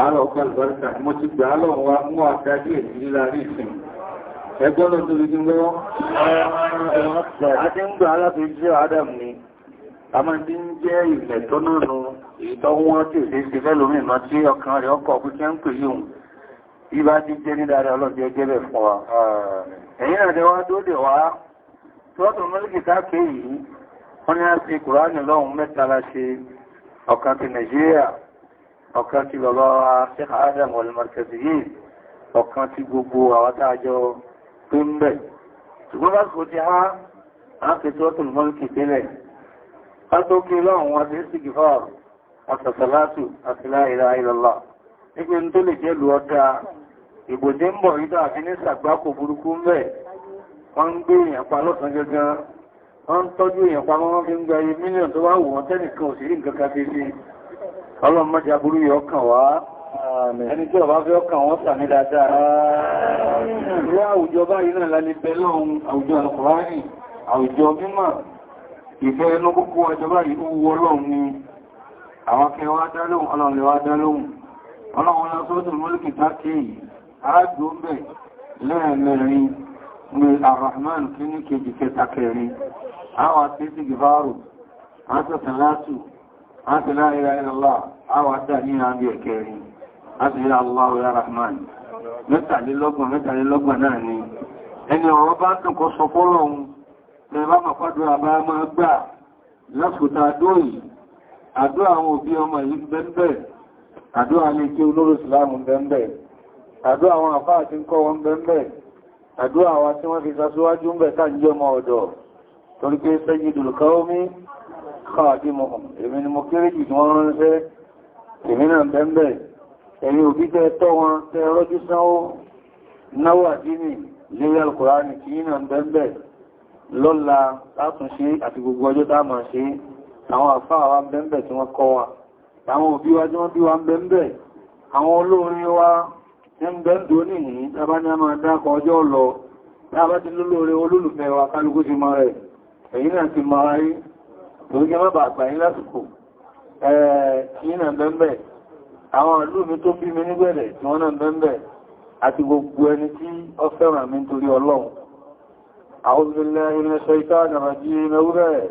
àárọ̀ ọgbà ìbáríkà mo ti gbà á lọ́wọ́ wa mú àtàjú èsì líla rí ìsìn ẹgbọ́nà tó rí àti ń gbà aláti jẹ́ adam ni a máa ti ń jẹ́ ìgbẹ̀ tó nánú ìtọ́wọ́n tí èdè ṣe fẹ́lómì náà tí ọkàn rẹ̀ ọkọ̀ pí kí ń pè yíò ibá ti jẹ́ ní dáadáa ọlọ́dẹ jẹ́ bẹ̀ ni a ti kùránì lọ́hùn mẹ́ta la ṣe ọ̀kan ti ọ̀kan ti bàbá wa Sheikh Adam al-Markaziyyin ọ̀kan ti gbogbo àwátájọ́ tó ń bẹ̀. ṣùgbọ́n bá kò ti há ápẹtọ́ tó lùmọ́ ní kìtẹ́lẹ̀ pátókè lọ́wọ́n wọn ti ń sì gìfà àtàtàlátù àti la ilaha illallah nígbẹ́ tó lè jẹ́ lù ọdá ìbòdé ń bọ̀ ìdá àti ní sàgbákò burúkú ń bẹ̀ wọ́n ń gbé èèyàn pa lọ́sàn gẹ́gẹ́ tọ́jú èèyàn pa wọ́n fi ń gba iye mílíọ̀n tó wá wọ́n tẹ́nìkan òsìrí nǹkan kan sí ọlọ́run mọ́jẹ aburú yọ kàn wá ẹni tí ọba fẹ́ ọkàn wọ́n sàmì dáadáa rẹ àwùjọ báyìí náà lálẹ́ bẹ lọ́hun àwùjọ alùkùránì àwùjọ mímọ̀ ìfẹ́ ẹnu kókó ọjọ́ báyìí ó wú ọlọ́run ni àwọn akẹwàá dá lóhun ọlọ́run lè wá dá àti láàrin àìlọ́lá àwọn a ní àbí ẹ̀kẹrin àti ilá Allahu ya Rahman mẹ́tàlélọ́gbọ̀n mẹ́tàlélọ́gbọ̀n náà ni ẹni ọ̀rọ̀ bá tún kọ sọ fọ́lọ́hun lẹ́bá mọ̀pádọ́ tí wọ́n fi sasíwájú ń bẹ̀ káàkiri ọmọ ọ̀dọ̀ torí pé omi. khadimuhum èmi ni mo kéré jù tí wọ́n ránṣẹ́ èmi náà bẹ́m̀bẹ̀ ẹ̀yin òbí tẹ́ tọ́ wọn tẹ́ rọ́jú sánwó náwó àdínì lérí alkùránì kí náà bẹ́m̀bẹ̀ lọ́la látúnṣe àti gbogbo ọjọ́ tá máa ṣe àwọn àfáà wa bẹ́m̀bẹ̀ tí wọ́n kọ́ wa àwọn òbí wa tí wọ́n bí wa bẹ́m̀bẹ̀ àwọn olóorin wa tí ń bẹ́ǹdó nìyí èyí náà ti mọ ayé ìrúgẹ́ mọ́ bà àgbà yí lásìkò ẹ̀ẹ́nà bẹ́m̀bẹ̀ àwọn ìlú mi tó bí mi nígbẹ̀rẹ̀ tí wọ́n náà bẹ́m̀bẹ̀ àti gbogbo ẹni tí ó fẹ́ràn mi nítorí ọlọ́run أعوذ بالله من الشيطان الرجيم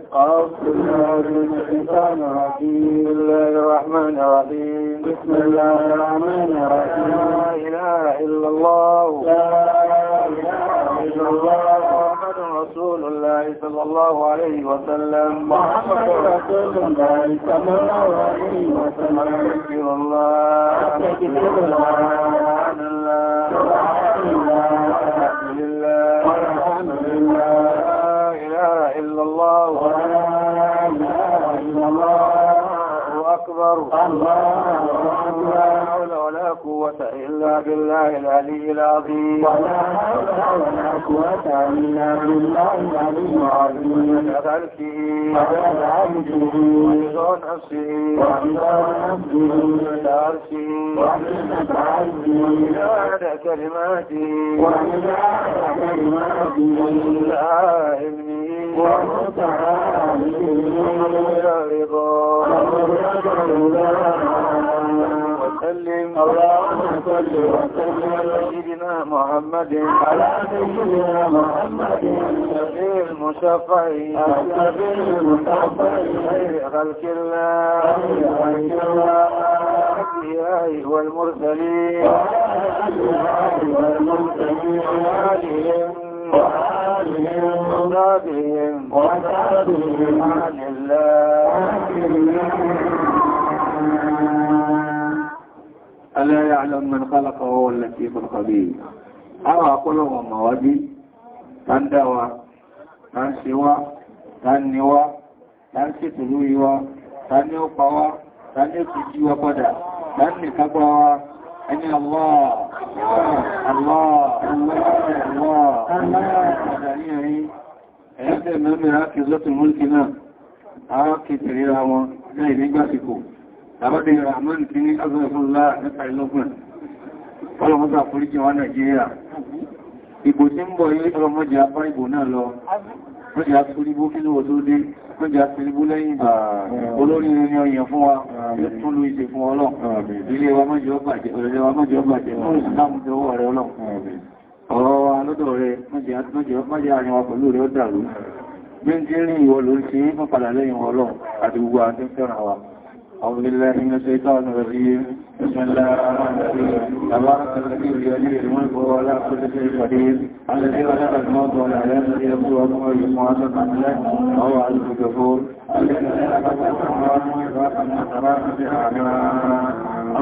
صلى الله عليه وسلم محمد رسول الله صلى الله عليه وسلم أستغفر الله الله الله لا إله إلا الله ولا إله إلا الله أكبر الله قوة إلا بالله العلي العظيم ولا حول ولا قوة إلا بالله العلي العظيم عدد ملكه عدد عبده ورضا نفسه ورضا نفسه عند عرشه وعزة عبده وعدد كلماته وعدد كلماته إلا علمه ومتعى علمه ومتعى رضا ومتعى رضا وسلم اللهم صل وسلم على سيدنا محمد على سيدنا محمد النبي المشفع النبي المشفع خير خلق الله الله الأنبياء والمرسلين والمرسلين وآلهم وآلهم وصحبهم عن الله ألا يعلم من خلق وهو اللطيف الخبير أرى كلهم موادي تندوى تنسوى تنوى تنسطلويوى تنوقوى تنسجوى قدى تنكبوى أن الله الله الله الله Ẹgbẹ́ mẹ́rin rákìzọ́tù múlùkì náà, a rákìtì ríra wọn lẹ́yìn nígbàsíkò àbádé Rahman ti ní azọ́fúnlá nípa ìlọ́gbọ̀n ọlọ́mọdé àforíjì wa Nàìjíríà ìbò tí ń bọ̀ ilé ọlọ́mọdé apá ìbò náà lọ wọ́n jẹ́ àforíbó kí ló tó dé wọ́n jẹ́ àforíbó lẹ́yìn olórí ní ọyàn fún wa tún lú ìṣe fún ọlọ́ ilé wa mọ́jọ́ bàjẹ́ ọ̀rọ̀ wa lọ́dọ̀ rẹ̀ mọ́jẹ́ àrin wa pẹ̀lú rẹ̀ ó dàrú bí ń tí rí ìwọ̀ lórí sí mọ́ padà lẹ́yìn ọlọ́ àti أعوذ بالله من الشيطان الرجيم بسم الله الرحمن الرحيم تبارك الذي بيده الملك وهو على كل شيء قدير الذي خلق الموت والحياة ليبلوكم أيكم أحسن عملا وهو عليم الغفور الذي خلق السماوات والأرض والسماء في أعمالها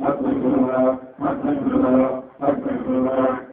أستغفر الله أستغفر الله أستغفر الله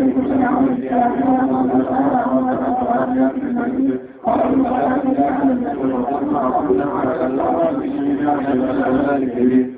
Thank you.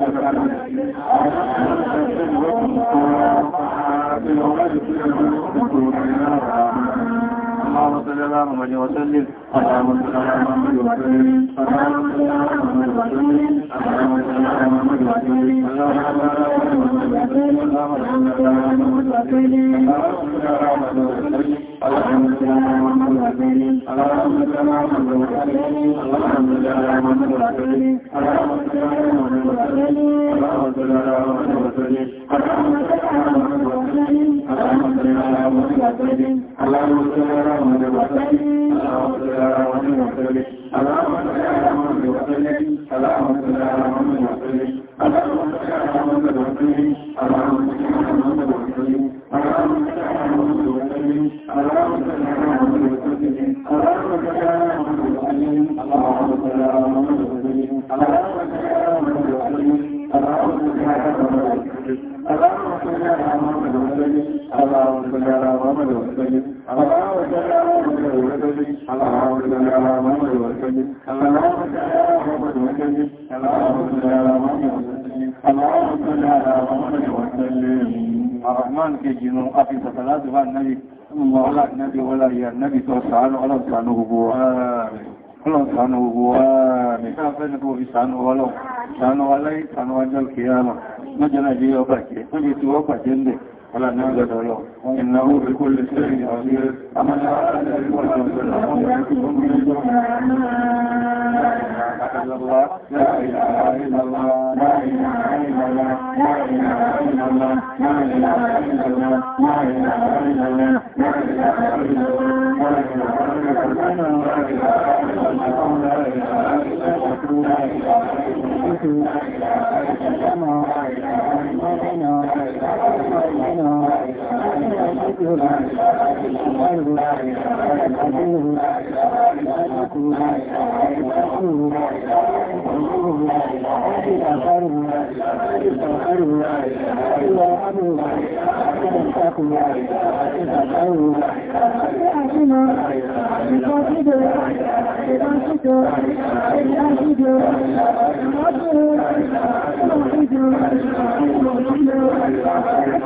اللهم صل على محمد وسلم اللهم صل على محمد وسلم اللهم صل على محمد وسلم اللهم صل على محمد وسلم اللهم صل على محمد وسلم اللهم صل على محمد وسلم اللهم صل على محمد وسلم اللهم صل على محمد وسلم اللهم صل على محمد وسلم اللهم صل على محمد وسلم اللهم صل على محمد وسلم اللهم صل على محمد وسلم اللهم صل على محمد وسلم اللهم صل على محمد وسلم اللهم صل على محمد وسلم اللهم صل على محمد وسلم اللهم صل على محمد وسلم اللهم صل على محمد وسلم اللهم صل على محمد وسلم اللهم وسلم اللهم صل على محمد وسلم اللهم صل على محمد وسلم اللهم صل على محمد وسلم اللهم صل على محمد وسلم اللهم صل على محمد وسلم اللهم صل على محمد وسلم اللهم صل على محمد وسلم الرحمن كجنو قفي صلاة النبي الله لا النبي ولا يا النبي توسعان ولا تسعنه بوعا آمين Ọlọ́run ṣàánú gbogbo ní káàfẹ́ ní kó fi ṣàánú ọlọ́run, ṣàánú aláì, jẹ́, ولا نجد له إنه بكل شيء عزيز أما لا أعلم الله لا إله إلا الله لا إله إلا الله لا إله إلا الله لا إله إلا الله لا إله إلا الله لا إله إلا الله لا إله إلا الله لا إله إلا الله لا إله إلا الله لا إله إلا الله لا إله إلا الله Thank you. يستكبرون عنه عنه يستكبرون يستغفرون يستغفرون يرحمون يستقون يستغفرون يعلمون يقاتلون يقاتلون يجاهدون يقاتلون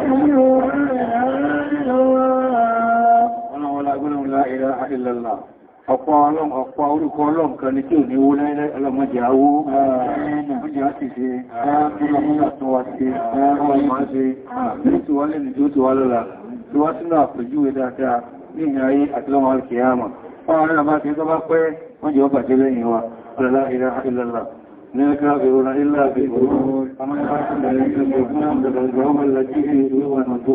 يوحدون يوحدون يتبعون la ilaha illallah ọ̀pọ̀ ọlọ́m ọ̀pọ̀ orúkọ ọlọ́m kan ní tí ò ní wó lẹ́lẹ́ ọlọ́mọdé àwó ọmọdé á ti ṣe ọmọdé tó wá sí ọmọdé ní tí wá lẹ́nìí tó tó wá lọ́la tí wá sínú àpèjúwe dáadáa ní ìyìn ayé àti lọ́wọ́ alkiyama fáwọn àbá ti tọ́ bá pẹ́ wọ́n jẹ́ ọbàjẹ́ lẹ́yìn wa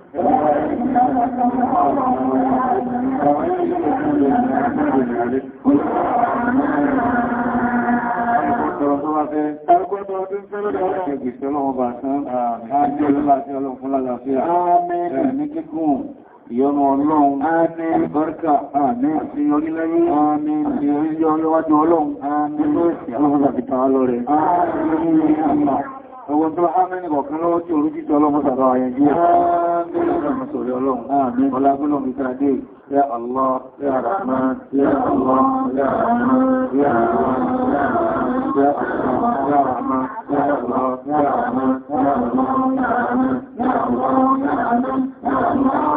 Ìyọ́nà ọlọ́run, àmín ìbárkà, àmín àti orílẹ̀-èdè, àmín àti orílẹ̀ ọlọ́wájú ọlọ́run, àmín lóòsì, ọlọ́run àti tàà lọ rẹ̀, àmín ìrìn àmà. Ọwọ́n tó há mẹ́rin kọ̀kan lọ́wọ́ tí orúkítọ́ ọlọ́run sàbáwà yẹn jí. اللهم صل على آمين ولا كل من ترادي يا الله يا رحمن يا الله يا رحمن يا رحمن يا رحمن يا الله يا رحمن يا الله يا رحمن يا الله يا رحمن يا الله يا رحمن يا الله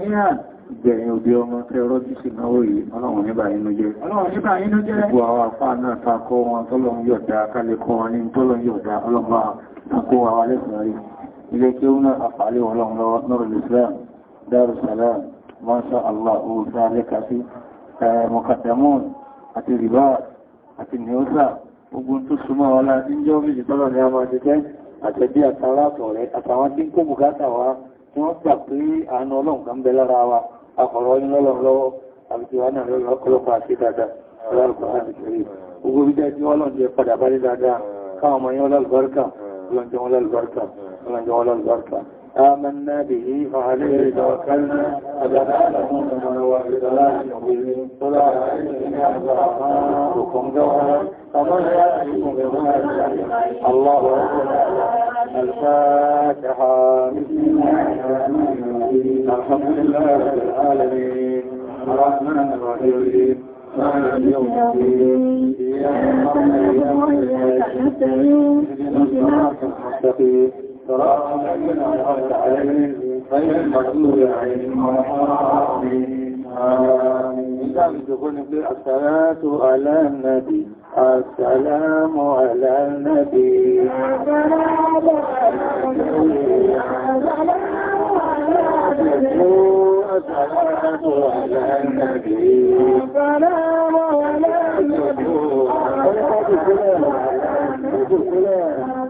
jami'an ìgbẹ̀yìn òbí ọmọ tẹ́ rọ́jú sí náwó yìí ọlọ́run níbà inú jẹ́ gbogbo àwọn àpá náà takọ́ wọn tọ́lọ́run yọ̀dá kálẹ́kọ́ wọn ní tọ́lọ́run yọ̀dá ọlọ́gbà takọ́ àwọn alẹ́sìnrí ilé kí ó náà àfààlẹ́ Nurul Islam Darussalam masha Allah oòsá lẹ́kàsí mọ̀kàtàmọ́n àti rìbá àti nìọ́sà ogun tó súnmọ́ ọlá níjọ́ méjì tọ́lọ́run ní a máa jẹ́ àtẹ̀bí àtàrà àtọ̀rẹ́ àtàwọn tí ń kó bùkátà wa tí wọ́n gbà pé àánú ọlọ́run kan bẹ lára wa akọ̀rọ̀ ọyún lọ́lọ́run lọ́wọ́ àbí tí wọ́n náà lọ́lọ́ ọ̀pọ̀lọpọ̀ àti dáadáa gbogbo bí dájú ọlọ́run jẹ padà bá rí dáadáa káwọn ọmọ yẹn ọlọ́lùbárkà ọlọ́njẹ wọn lọ́lùbárkà ọlọ́njẹ wọn lọ́lùbárkà آمنا به فعليه توكلنا أبدا لهم من الفاتحة الحمد لله رب العالمين الرحمن الرحيم مالك يوم الدين إياك نعبد وإياك نستعين اهدنا المستقيم صراط الذين أنعمت عليهم غير المغضوب عليهم ولا الضالين آمين. إذا بدخول الصلاة على النبي السلام على النبي السلام على النبي السلام على النبي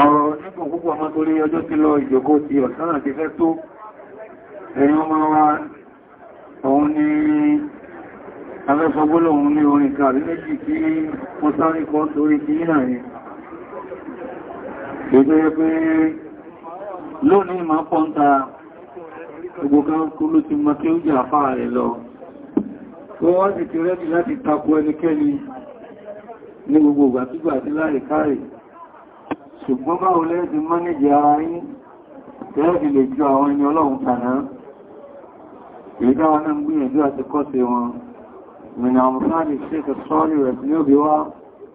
ọ̀rọ̀ nígbọ̀n púpọ̀ ọmọ tó rí ọjọ́ tí lọ ìjọkó ti ọ̀sánà ti fẹ́ tó ẹ̀yìn ọmọ wa òun ni afẹ́fọgbólò òun ní orin kàrí méjì kí wọ́n sáré kọ́ torí kí náà ni ètò yẹ pé lónìí ma pọ́nta gbogbo kan kú ló ti mọ́ kí ó jà fáà rẹ̀ lọ wọ́n sì ti rẹ́dì láti takò ẹnikẹ́ni ní gbogbo ìgbàkígbà sí láìkáàrì ṣùgbọ́n bá olè ti mọ́nìjì ara yín tẹ́ẹ̀fì lè ju àwọn ẹni ọlọ́run tàná ìdáwọn náà gbìyànjú àti kọ́sí wọn mìnà àmúsáàdì ṣíkà sọ́ọ̀lì rẹ̀ ní òbí wá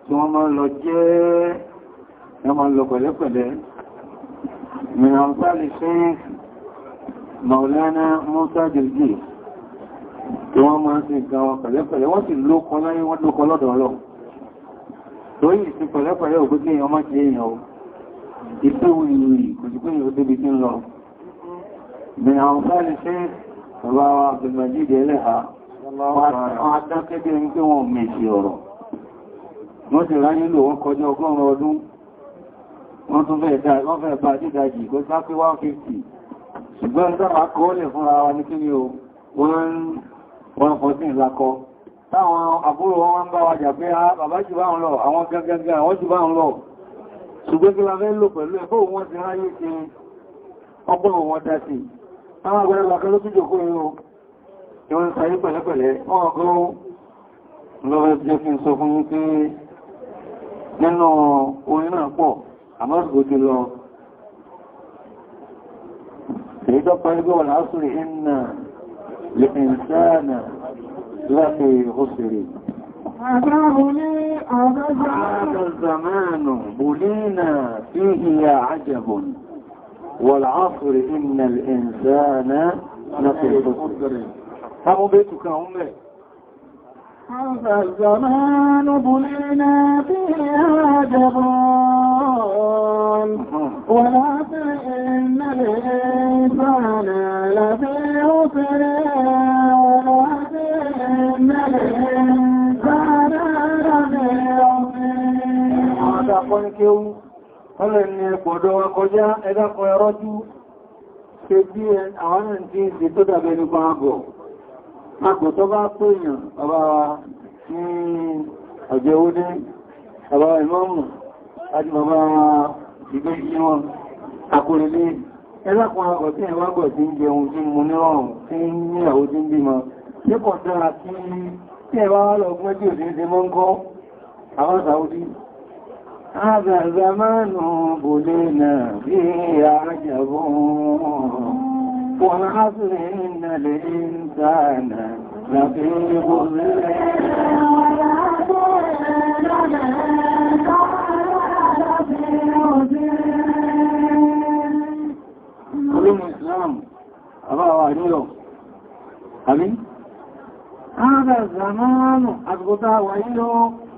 tí wọ́n máa lọ jẹ́ maulana musa jìlgì tí wọ́n máa sí nǹkan wọn pẹ̀lẹ́pẹ̀lẹ́ wọ́n sì lókọ láyé wọ́n lókọ lọ́dọ̀ ọlọ́run lóyìn sí pẹ̀lẹ́pẹ̀lẹ́ ògbógbé èèyàn má ṣe èèyàn ìpéwò ìròyìn kò sí pé yóò débi tí ń lọ bí àwọn fẹ́lẹ̀ ṣe bàbá wa Abdulmajid ẹlẹ́ha wọ́n adákẹ́bẹ̀ ń pé wọ́n mẹ́sì ọ̀rọ̀ wọ́n ti ráyé lò wọ́n kọjá ọgọ́rùn ọdún wọ́n tún fẹ́ bá táwọn àbúrò wọn bá wájà pé ah, bàbá jù bá ń lọ àwọn gangan wọ́n jù bá ń lọ ṣùgbọ́n kí la fẹ́ lò pẹ̀lú ẹ̀kọ́ wọn ti ráyé ti ọgbọ́n wọn dá sí àwọn agbẹ́rẹ́ lọ́kẹ́ ló túnjọ kó ẹ̀rọ ìwọ̀n sàyé pẹ̀lẹ́pẹ̀lẹ́ ọgbọ́n lọ́wọ́ jẹ́ fi sọ fún yí pé nínú orin náà pọ̀ هذا الزمان بلينا فيه يا عجب والعصر إن الإنسان لفي هم بيتك هم هذا الزمان بلينا فيه يا عجب ولكن إن الإنسان لفي mọ́ta akọ́nikéwú ọlẹ̀ ni ẹgbọ̀dọ̀ wa kọjá ẹgbẹ́kọ̀ ẹrọ́jú ṣe bí àwọn náà tí ìsì tó dàbẹ̀ nípa àgọ̀ àgbọ̀ tó bá pèèyàn bàbá wa ní ọjọ́ òde bàbá ìmọ́mù àti bàbá ìgbé ìwọ̀n akórílé ẹgbẹ́kọ̀ àgọ̀ tí ẹwàgọ̀ tí ń jẹun tí mo nírọ̀rùn tí ń níyàwó tí ń هذا زمان بلينا فيه عجب والعصر إن الإنسان لفي خزي هذا الزمان أضغطها وإنه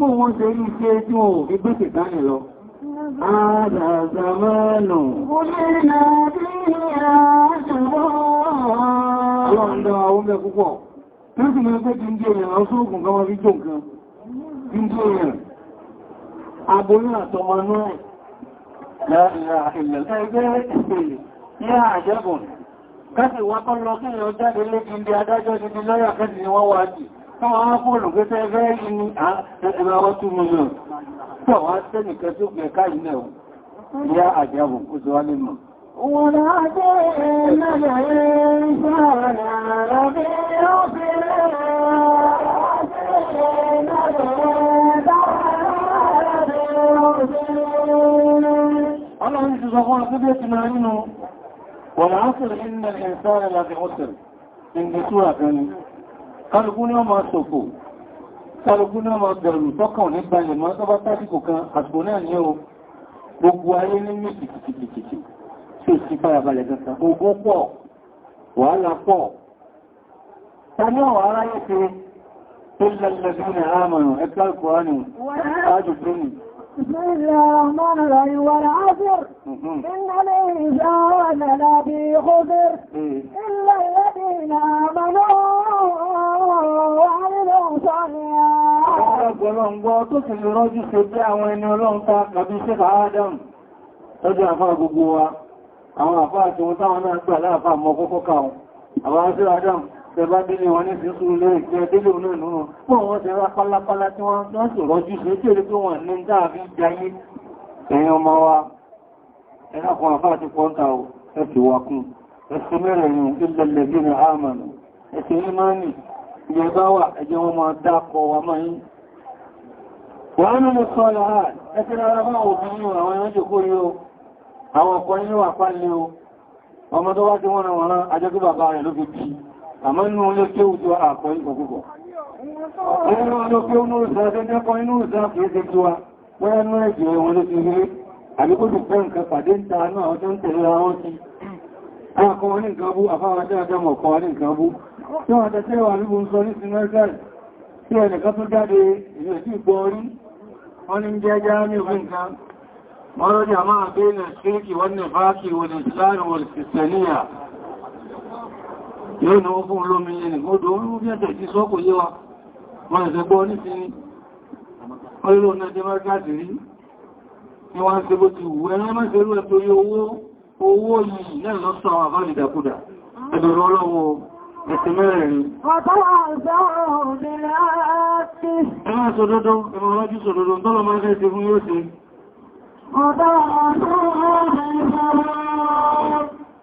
pọ̀ wọ́n ṣe rí pé tí wọ́n ò fi gbèsè dánì lọ Àdàzàmánù. Ọlọ́run dá àwọn mẹ́ púpọ̀. Tẹ́sùn mẹ́ pé kí ń jẹ́ ìrìn àwọn sóògùn kan wọ́n fi jò nǹkan. ń jẹ́ ìrìn. Aboyún àtọmọ náà. Láàrín àìlẹ̀. Ẹgbẹ́ ìpìlẹ̀ ní àjẹ́bùn. Kẹ́sì Táwọn ọkùnrin òfẹ́ fẹ́ fẹ́ yìí ní ẹgbẹ̀rẹ̀ ọwọ́ tún mú yọ. Tọ́ wá sẹ́nìkẹ́ tó pẹ̀ káyìí náà, ìyá àjábò, ó sọ wá lè mọ̀. Wọ́n láti ẹ̀mẹ́lẹ̀ ìṣàrẹ̀ àrọ̀bí ó fi rẹ̀ láti ẹ̀mẹ́lẹ̀ Ọlọ́run ti sọ fún ọdún kálùkú ní ọmọ àtòkò kálùkú ní ọmọ bẹ̀rù tọ́kàn ní balẹ̀ mọ́ tọ́bá tásìkò kan àtòkò náà ní o gbogbo ayé ní méjì kìkìkìkì tí ó sì farabalẹ̀ kankan ogun pọ̀ wàhálà pọ̀ tani ọ̀wọ̀ aráyé ti ilẹ̀ lẹ́gbẹ̀rẹ̀ àmàrùn ẹgbẹ́ alkùránì ájò بسم الله الرحمن الرحيم والعصر إن الإنسان لفي خسر إلا الذين آمنوا وعملوا الصالحات Ọlọ́run gbọ́ tó ti lè rọ́jú ṣe bí àwọn ẹni ọlọ́run ta kàbí ṣẹ́fà Adam tó jẹ́ àfáà gbogbo wa, àwọn àfáà tí wọ́n táwọn náà gbà láàfáà mọ́ kọ́kọ́ káwọn, àwọn aṣíra Adam tẹba délé wọn ní fíṣúrú lórí pé délé náà nù pọ̀ wọ́n tẹ wá pálápálá tí wọ́n tán sì rọ́jú sí tí èrè pé wọ́n ní dáàbí jayé ẹ̀yàn ọmọ wa ẹ̀lákùn àfáà ti pọ́ntà ẹ̀sì wakún ẹ̀sì mẹ́rẹ̀ẹ̀rin ìlẹ̀lẹ̀bí ni àmàlù ẹ̀sì ìmáni ìyẹ̀bá wọ́n ní wọ́n rán ajẹ́gbé bàbá rẹ̀ ló fi bí àmọ́ inú oló tí ó tó àpọ̀ ìgbò púpọ̀. Inú oló pé ó núrù sáà tẹ́ jẹ́kọ́ inú ìsáà kìí ṣe tí wa, wọ́n ẹnu ẹ̀jẹ̀ wọn ló ti rí, àbíkójú pẹ́ nǹkan pàdé ń ta náà ọjọ́ ń tẹ̀lé ra wọ́n ti. Àkọ́ wọn ní nǹkan bú, àfáwọn jẹ́ ọjọ́ mọ̀ kọ́ yóò náwó fún olómi ẹni gbódò orú bí ẹ̀tẹ̀ tí sọ́kò yé wa wọ́n ẹ̀sẹ̀ gbọ́ ní ọlọ́rọ̀ náà jẹ́ márkàtì rí ní wọ́n ṣe bó ti wù ẹ̀rẹ́ mẹ́sẹ̀rú ẹ̀ torí owó yìí náà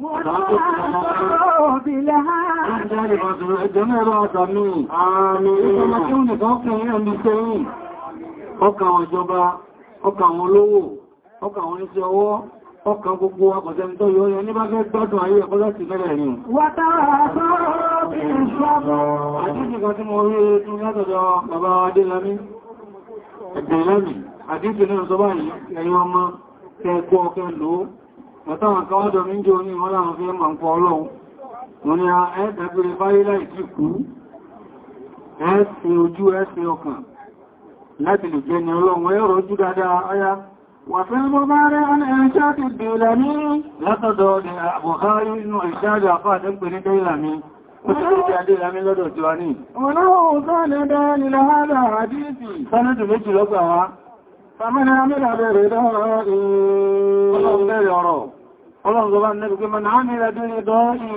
Ọkàn àwọn ìjọba, ọkàn gbogbo akọ̀sẹ́ni tó yóò yẹn ní bá fẹ́ gbádùn ayé ẹ̀kọ́ láti mẹ́rẹ̀ ẹ̀rin. Wátàrà sọ́rọ̀ bí ìṣọ́ Ọ̀táwọn kan wọ́n dọ̀mí jẹ́ oní wọ́n láwọn fẹ́ mọ̀ ń pọ̀ ọlọ́run. Wọ́n ni a ẹ́ẹ̀dẹ̀gbẹ̀rẹ̀ báyé láì sí kú, ẹ́ẹ̀sẹ̀ ojú ẹ́ẹ̀sẹ̀ ọkàn láti lè jẹ́ ni ọlọ́run ẹ̀rọ ojú dáadáa ayá. Wà fẹ́ mọ́ bá rẹ̀ ọ́nà ẹ̀ṣẹ́ àti ìbìlẹ̀ ní látọ̀dọ̀ Bukhari inú ìṣáàjò àfáà tẹ́gbẹ̀ ní dẹ́yìnlá mi. Ó tẹ́lẹ̀ ọlọ́run nẹ́bí pé mọ́nà ámì ìrẹ́dúrí dọ́ọ̀lì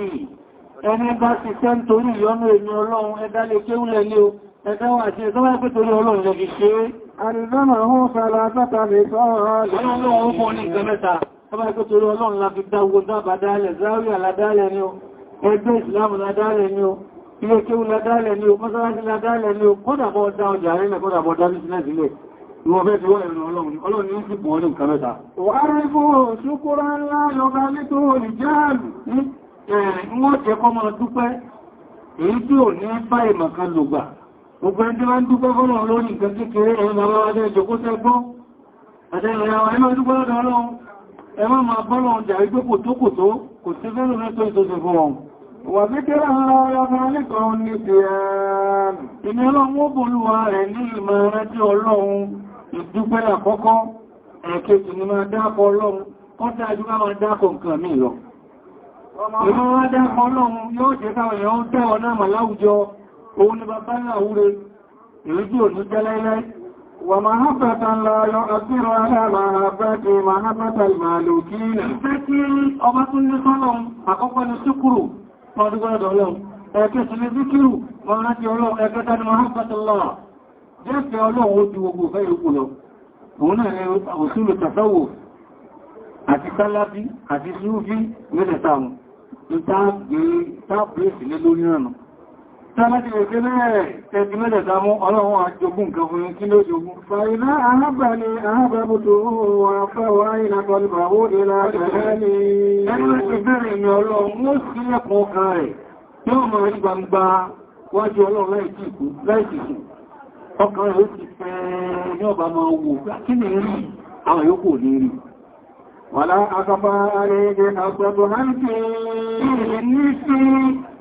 ẹni bá ti tẹ́ ń torí ìyọnú èmi ọlọ́run ẹ̀dá lè kéwúlẹ̀ ní o ẹ̀dá wà sí ẹ̀dá wáyé pé torí ọlọ́run lè fi ṣe àrìdánà hún fẹ́ra sátà lè sọ́rọ̀ Ilé kéwú ládálẹ̀ ni o, mọ́sánásí ládálẹ̀ ni o, kódàbọ̀ ọdá ọjà rẹ̀ mẹ́kọ́dàbọ̀ ọdá bísínẹ̀ sílẹ̀ èyí tí ò ní bá ìmọ̀kan lògbà gbogbo ẹni máa ń dúpẹ́ fọ́nà olórin nǹkan kékeré ẹ̀rọ bàbá wájẹ́ ìjọkó sẹ́gbọ́ àti ìrìnà àwọn ẹmọ́ dúpẹ́ lọ́dọ̀ ọlọ́run ẹmọ́ máa bọ́lọ̀ ọjà wípé kò tó kò tó kò sí fẹ́lú mẹ́tọ́ ìtọ́sẹ̀ fún wọn wà bí kí láàrín ọ̀rọ̀ ọmọ alẹ́kọ̀ọ́ ní ti ẹ̀rùn ìmẹ́lọ́wọ́ bòlúwa rẹ̀ ní ìmọ̀ ẹ̀rẹ́ tí ọlọ́run ìdúpẹ́ àkọ́kọ́ ẹ̀kẹ́jì ni máa dápọ̀ ọlọ́run ó dájú ká máa dápọ̀ nǹkan mí lọ ìmọ́ wá dápọ̀ ọlọ́run yóò jẹ́ káwọn èèyàn ń tẹ́wọ̀ náà mà òun ni bàbá ìyàwúre ìrújú òní jẹ́lẹ́lẹ́ wà máa hápẹ́ta ńlá yọ àgbírọ̀ ni ìfẹ́ ọlọ́run ó ti gbogbo fẹ́ ìrúkù lọ òun náà ẹ̀rọ òsúlù tàṣọ́wò àti sálábí àti súnfí mẹ́tẹ̀ta wọn ní táàbùrẹ́sì lé lórí rànà tàbí ẹgbẹ́ mẹ́rẹ̀ tẹ́bí mẹ́tẹ̀ta mú ọlọ́run àjogún nǹkan fún kí ló jogún fàílá alábàálẹ̀ alábàbòtò wà fẹ́wàá ìlàkọlùbàwó ìlàkọlẹ̀ ẹgbẹ́ ìbẹ̀rẹ̀ mi ọlọ́run ó sílẹ̀kùn ọkàn rẹ̀ yóò mọ̀ rí gbangba wájú ọlọ́run láìsìkú ọkàn rẹ̀ ó ti pẹ́ ní ọba ma wò ah, kí ni rí àwọn yòókù ní rí wàlá akọpa arẹ́gẹ́ àpẹẹbọ̀ hánkì ní sí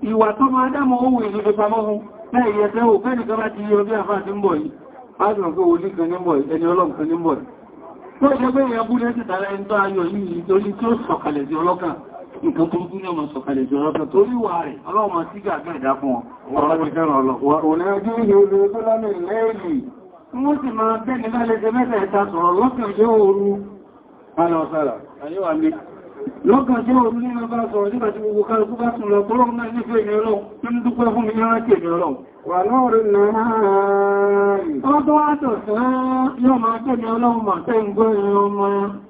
ìwà tó máa dámọ̀ owó ìlú pamọ́ fún lẹ́yẹ tẹ́ ò fẹ́ni kọ́ bá ti ka nǹkan tó ń kú ní ọmọ jọ rọ́pẹ́ tó rí rẹ̀ ọlọ́ọ̀mà tí gàgbà ìdá fún lọ́kàn jẹ́ òun ní ọba sọ̀rọ̀ nígbà tí gbogbo kálùkú bá sùn lọ pọ́lọ́ náà nífẹ́ ìrìn ọlọ́run tó ń dúpẹ́ fún mi rántí ìrìn ọlọ́run wà lọ́rin náà rí ọdún àtọ̀sán yóò máa tẹ́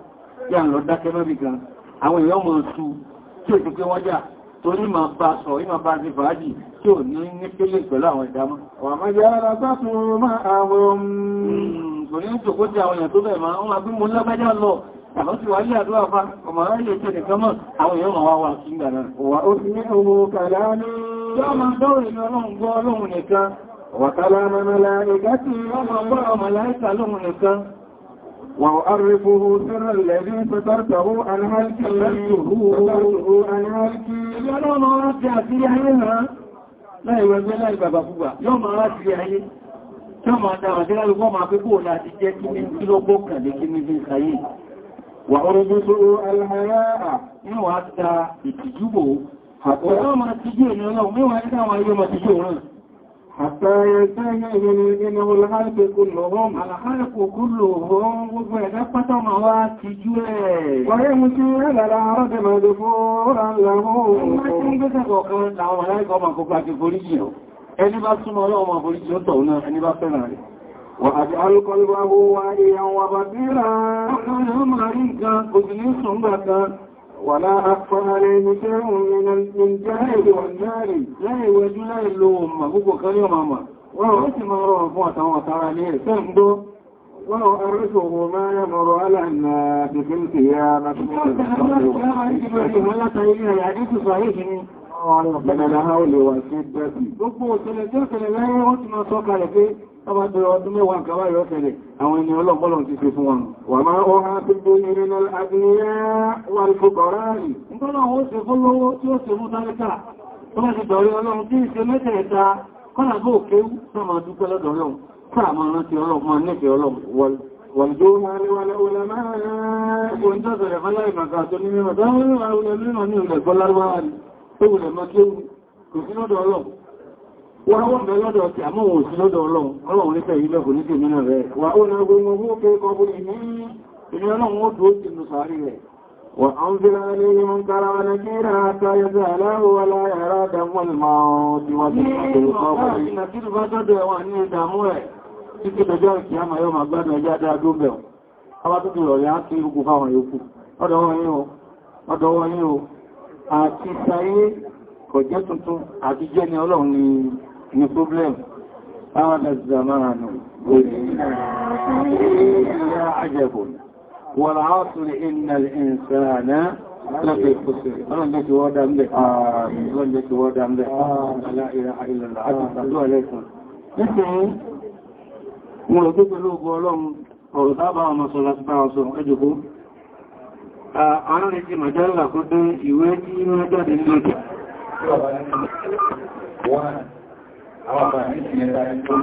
pé àwọn ọ̀dákẹ́ mẹ́bí gan àwọn èèyàn mọ̀ su tí ò ti pé wọ́n jà torí ma bá sọ ìmọ̀ bá ti fàájì tí ò ní ní pélé pẹ̀lú àwọn ìdámọ́. wà má yára lágbá fún ọmọ àwọn kò ní tòkó tí àwọn èèyàn tó bẹ̀ máa wọ́n bí mo lágbájá lọ àwọn tí wà ní àdúrà fa ọmọ aráyè tẹ́ nìkan ọmọ kàlá lóhun nìkan وأعرفه سر الذي سترته عن هل كلمته عن هل كلمته ما رأتي أسيري عليها لا يوزن لا يبابا فوبا يوم رأتي عليه Tọ́mọ̀ àdára sí lálùgbọ́ máa pé kó láti jẹ́ kí ní kí ló gbọ́kà lè kí ní fi ń Wà orí bí só alhàráà níwàá ta ti jẹ́ ìrìnlọ́, حتى يتميز منه الحلق كلهم الحلق كلهم lọ́wọ́ ولا أكثر عليه شيء من الجهل والنار láì wẹjú láì lo ọmọ gbogbo kan ní ọmọ wọn ó sì máa rọrùn fún àtàwọn àtàrà ní ẹ̀sẹ̀ ń gbọ́ wọn arúsòwò máa yẹ mọ̀rọ̀ aláàrínà ìfẹ́ ìyá látúnṣẹ́ Gbogbo òṣèlè tí ó ṣẹlẹ̀ láyé ó ti máa sọ́kàlẹ̀ pé ọba bẹ̀rẹ̀ ọdún mẹ́wàá kàwàá ìrọ́ṣẹlẹ̀ àwọn ẹni ọlọ́pọ̀lọ̀ ti fi fún wọn wà máa ó ha fi bó ìrìnà àdìyà wà ìfòkọ̀rá nígbọ́nà ó sì fún lówó tí ó sì mú tálẹ́kà tó bá ti dọ̀rí ọlọ́run tí ìṣẹ́ mẹ́tẹ̀ẹ̀ta kọ́nà bó kéwú sọ́mà dúpẹ́ wọ́n wọ́n bẹ̀rẹ̀ lọ́dọ̀ ọ̀tí àmọ́ òun sí lọ́dọ̀ ọlọ́run ọlọ́run nípa ìlú ẹ̀kùn ní tèmi náà rẹ̀ wà ó na gbogbo mú pé kọbú ìní ìní ọlọ́run ó dúró sí inú sàárì rẹ̀ wà á ń bíra lé ní mú kára wà ní kí ra ta yẹta aláwọ̀ wà láyàrá dàmọ́ ìmọ̀ tí wọ́n ti máa tẹ̀lú kọ́bù ìnà tí ó bá tọ́dọ̀ ẹ̀wà ní ìdàmú rẹ̀ títí dọjọ́ ìkì àmà yóò máa gbádùn ẹjá ni ní problem àwọn àzàmánù والعصر إن الإنسان لفي خسر أنا لك وادع ملك أنا لك وادع ملك لا إله إلا الله أتفضل عليكم nítorí wọn ò tó pẹ̀lú ogun ọlọ́run ọ̀rọ̀ tábà ọmọ sọ láti bá ọsọ ẹjùkú àárín ti màjálà kó dé ìwé tí wọ́n jáde ní ọjà àwọn àpàdé ìyẹn